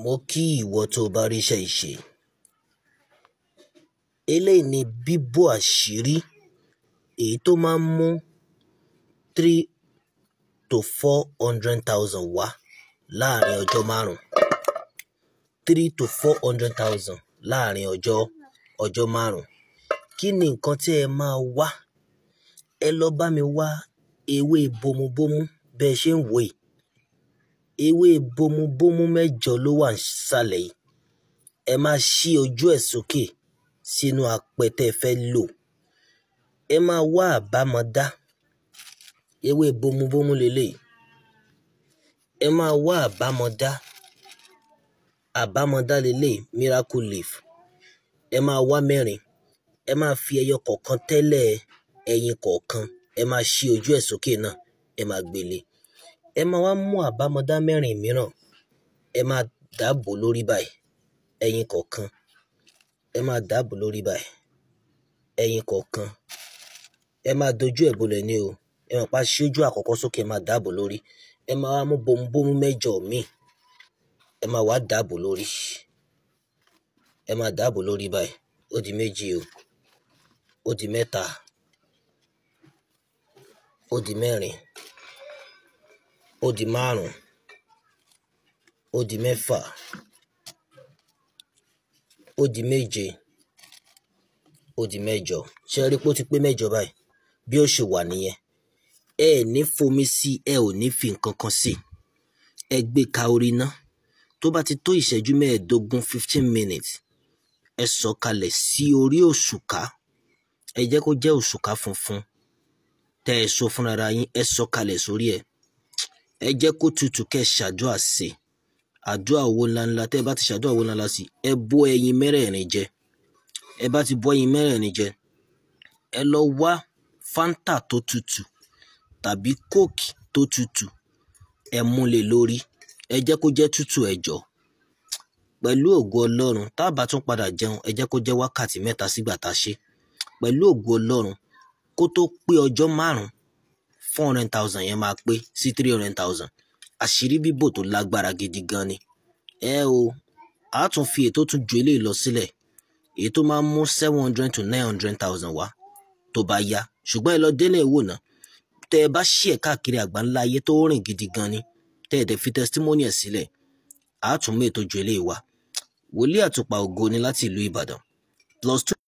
Mo kí ìwọ tó bá ríṣẹ́ ìṣe. Eléyìí ni bíbò àṣírí èyí tó máa ń mú three to four hundred thousand wá láàárín ọjọ́ márùn-ún. Three to four hundred thousand láàárín ọjọ́, ọjọ́ márùn-ún. Kí ni nǹkan tí ẹ máa wá? Ẹ lọ bá mi wá ewé bomubómú bẹ́ẹ ṣe ń wò ewé bomubómú mẹ́jọ ló wà nísàlẹ̀ yìí ẹ máa ṣí ojú ẹ̀ sókè sínú apẹ̀tẹ̀ fẹ́ lò ẹ máa wá àbámọ̀dá ewé bomubómú lélẹ̀ ẹ máa wá àbámọ̀dá àbámọ̀dá lélẹ̀ miracle leaf ẹ máa wá mẹ́rin ẹ máa fi ẹyọ kọ̀ọ̀kan tẹ́lẹ̀ ẹyin kọ̀ọ̀kan ẹ máa ṣí ojú ẹ̀ sókè náà ẹ máa gbélé. ẹ máa wá mú àbámọ̀dá mẹ́rin mìíràn ẹ máa dàbò lórí báyìí Ẹyin kọ̀ọ̀kan ẹ máa dàbò lórí báyìí Ẹyin kọ̀ọ̀kan ẹ máa dojú ẹ̀ o ẹ máa pa ṣíjú àkọ́kọ́ sókè ẹ máa lori. lórí ẹ máa wá mú bomubomu mẹ́jọ míì ẹ máa wá dàbò lórí ẹ máa dàbò lórí báyìí ó di méjì o ó di mẹ́ta ó di mẹ́rin. ó di márùn-ún ó di mẹ́fà ó di méje ó di mẹ́jọ ṣe rí pé ó ti pé mẹ́jọ báyìí bí ó ṣe wà nìyẹn ẹ ẹ ní fomi sí ẹ ò ní fi nǹkan kan sí ẹ gbé e ka orí ná tó bá ti tó ìṣẹ́jú mẹ́ẹ̀ẹ́dógún fifteen minutes ẹ sọ kalẹ̀ sí orí òṣùká ẹ jẹ́ kó jẹ́ òṣùká funfun tẹ́ ẹ so fúnra yín ẹ sọ kalẹ̀ sórí ẹ̀ ẹ jẹ́ kó tutù kẹ́ ṣàdúrà sí i àdúrà wo ńláńlá tẹ́ ẹ bá ti ṣàdúrà wo ńláńlá sí ẹ bó ẹyin mẹ́rẹ̀ẹ̀rin jẹ ẹ bá ti bó ẹyin mẹ́rẹ̀ẹ̀rin jẹ ẹ lọ wá fanta tó tutù tàbí coke tó tutù ẹ mú lé lórí ẹ jẹ́ kó jẹ́ tútù ẹ jọ pẹ̀lú ògo ọlọ́run tá a bá tún padà jẹun ẹ jẹ́ kó jẹ́ wákàtí mẹ́ta sígbà tá a ṣe pẹ̀lú ògo ọlọ́run kó tó pé ọjọ́ márùn-ún four hundred thousand yẹn máa pé sí three hundred thousand àṣírí bíbò tó lágbára gidi gan ni ẹ o a tún fi ètò tún ju eléyìí lọ sílẹ̀ èyí tó máa ń mú seven hundred to nine hundred thousand wá tó bá yá ṣùgbọ́n ẹ lọ délé ìwò náà tẹ ẹ bá ṣí ẹ káàkiri àgbáńlá ayé tó rìn gidi gan ni tẹ ẹ dẹ fi testimony ẹ sílẹ̀ a tún mú ètò ju eléyìí wá wòlíì àtùpà ògo ni láti ìlú Ìbàdàn plus two.